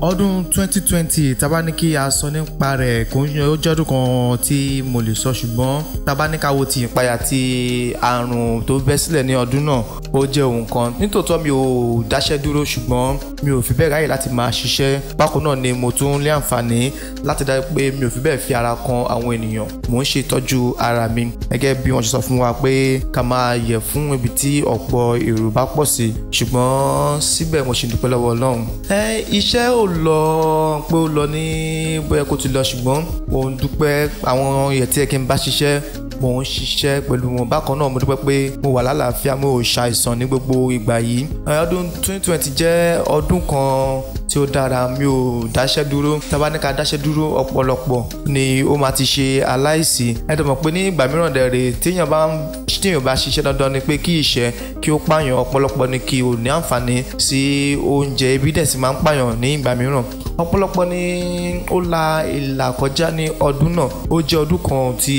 ọdún 2020 tabaniki a sọ nípa rẹ̀ kò ń ó jọ́dún kan tí mo lè sọ ṣùgbọ́n tabanika wo ti ìpayà ti àrùn tó bẹ́ sílẹ̀ ní ọdún náà ó jẹ́ ohun kan nítòótọ́ mi ò dáṣẹ́ dúró ṣùgbọ́n mi ò fi bẹ́ẹ̀ ráyè láti máa ṣiṣẹ́ bákan náà ni mo tún lé àǹfààní láti dájú pé mi ò fi bẹ́ẹ̀ fi ara kan àwọn ènìyàn mò ń ṣètọ́jú ara mi gẹ́gẹ́ bí wọ́n ṣe sọ fún wa pé ká máa yẹ fún ibi tí ọ̀pọ̀ èrò bá pọ̀ sí ṣùgbọ́n síbẹ̀ mo ṣì dúpẹ́ lọ́wọ́ Ọlọ́run. ẹ iṣẹ́ ò lọ pé ó lọ ní bóyá kó ti lọ ṣùgbọ́n mò dúpẹ́ àwọn èèyàn tí ẹ kí n bá ṣiṣẹ́ mò ń ṣiṣẹ́ pẹ̀lú wọn bákan náà mo dúpẹ́ pé mo wà lálàáfíà mo ò ṣàìsàn ní gbogbo ìgbà yìí ọdún 2020 jẹ́ ọdún kan tí ó dára mi ò dáṣẹ́ dúró tá a bá ní ká dáṣẹ́ dúró ọ̀pọ̀lọpọ̀ ni ó máa ti ṣe aláìsí ẹ tó pé ní ìgbà mìíràn dẹ̀rẹ̀ téèyàn bá ń tíyẹn bá ṣiṣẹ́ dandan ni pé kí ìṣẹ́ kí ó pààyàn ọ̀pọ̀lọpọ̀ ni kí o ní àǹfààní sí oúnjẹ ebi dẹ̀ sì máa ń pààyàn ní ìgbà mìíràn ọ̀pọ̀lọpọ̀ ni ó la ìlà kọjá ní ọdún náà ó jẹ́ ọdún kan tí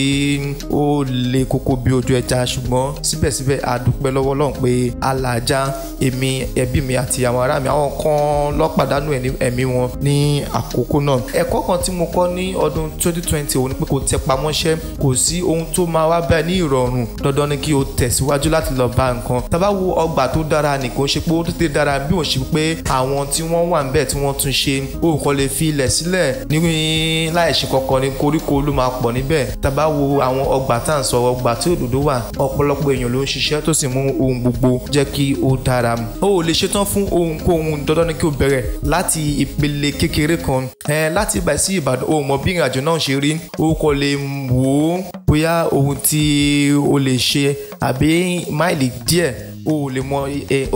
ó le koko bí ojú ẹja ṣùgbọ́n síbẹ̀síbẹ̀ a dúpẹ́ lọ́wọ́ Ọlọ́run pé alàjá èmi ẹbí mi àti àwọn ará mi àwọn kan ló pàdánù ẹ̀mí wọn ní àkókò náà ẹ̀kọ́ kan tí mo kọ́ ní ọdún 2020 òun ni pé kò tẹpamọ́ṣẹ́ kò sí ohun tó máa wá bẹ́ẹ̀ ní ìrọ̀rùn dọ́d dandan ni kí o tẹ̀síwájú láti lọ bá nǹkan tá bá wo ọgbà tó dára nìkan ṣe pé ó tètè dára bí òun ṣe pé àwọn tí wọ́n wà níbẹ̀ tí wọ́n tún ṣe o kò lè fi ilẹ̀ sílẹ̀ ní láìṣe kankan ní koríko ló máa pọ̀ níbẹ̀ tá bá wo àwọn ọgbà tá à ń sọ ọgbà tí òdòdó wà ọ̀pọ̀lọpọ̀ èèyàn ló ń ṣiṣẹ́ tó sì mú ohun gbogbo jẹ́ kí ó dára o ò lè ṣetán fún ohunkóhun dandan ni kí o bẹ̀rẹ̀ láti ìpele kékeré kan láti ibà sí Ìbàdàn o mọ bí ìrìnàjò náà ṣe rí o kò lè wò ó bóyá ohun tí o lè ṣe àbí máìlì díẹ̀ o ò lè mọ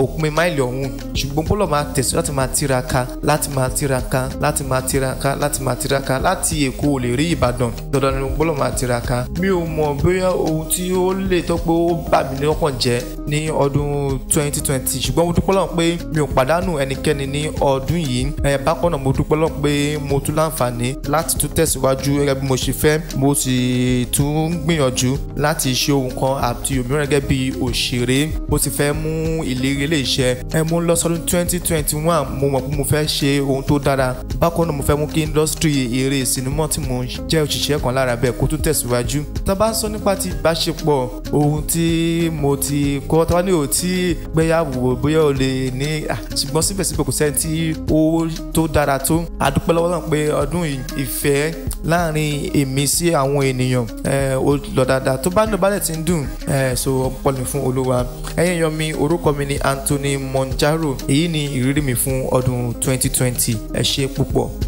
òpin máìlì ọ̀hún ṣùgbọ́n bọ́lọ̀ máa tẹ̀sí láti máa tiraka láti máa tiraka láti máa tiraka láti máa tiraka láti Èkó ò lè rí Ìbàdàn dandan ni bọ́lọ̀ máa tiraka mi ò mọ̀ bóyá ohun tí ó lè tọ́ pé ó bà mí lọ́kàn jẹ́ ní ọdún 2020 ṣùgbọ́n mo dúpẹ́ lọ́wọ́ pé mi ò pàdánù ẹnikẹ́ni ní ọdún yìí ẹ̀yẹ bákan náà mo dúpẹ́ lọ́wọ́ pé mo tún láǹfààní láti tún tẹ̀síwájú gẹ́gẹ́ bí mo ṣe fẹ́ mo sì tún ń gbìyànjú láti ṣe ohun kan àti òmíràn gẹ́gẹ́ bí òṣèré mo sì fẹ́ mú ìlérí ilé iṣẹ́ ẹ mo ń lọ sọdún 2021 mo mọ̀ pé mo fẹ́ ṣe ohun tó dára bákan náà mo fẹ́ mú kí indọ́sítírì eré sinimá tí mo jẹ́ òṣìṣẹ́ kan lára bẹ́ẹ̀ kó tún tẹ̀síwájú tá bá sọ nípa ti ìbáṣepọ̀ ohun tí mo ti kọ́ tá bá ní o ti gbéyàwó bóyá o lè ní ṣùgbọ́n síbẹ̀síbẹ̀ kò sẹ́ni tí ó tó dára tó àdúpẹ́ lọ́wọ́ náà pé ọdún ìfẹ́ láàrin èmi sí àwọn ènìyàn eh, ó lọ dáadáa tó bá ní ọbalẹ̀ ti ń dùn eh, so ọ̀pọ̀ ni fún olúwa ẹ̀yin yan mi orúkọ mi ni Anthony Monjaro èyí ni ìrírí mi fún ọdún 2020 ẹ ṣe púpọ̀.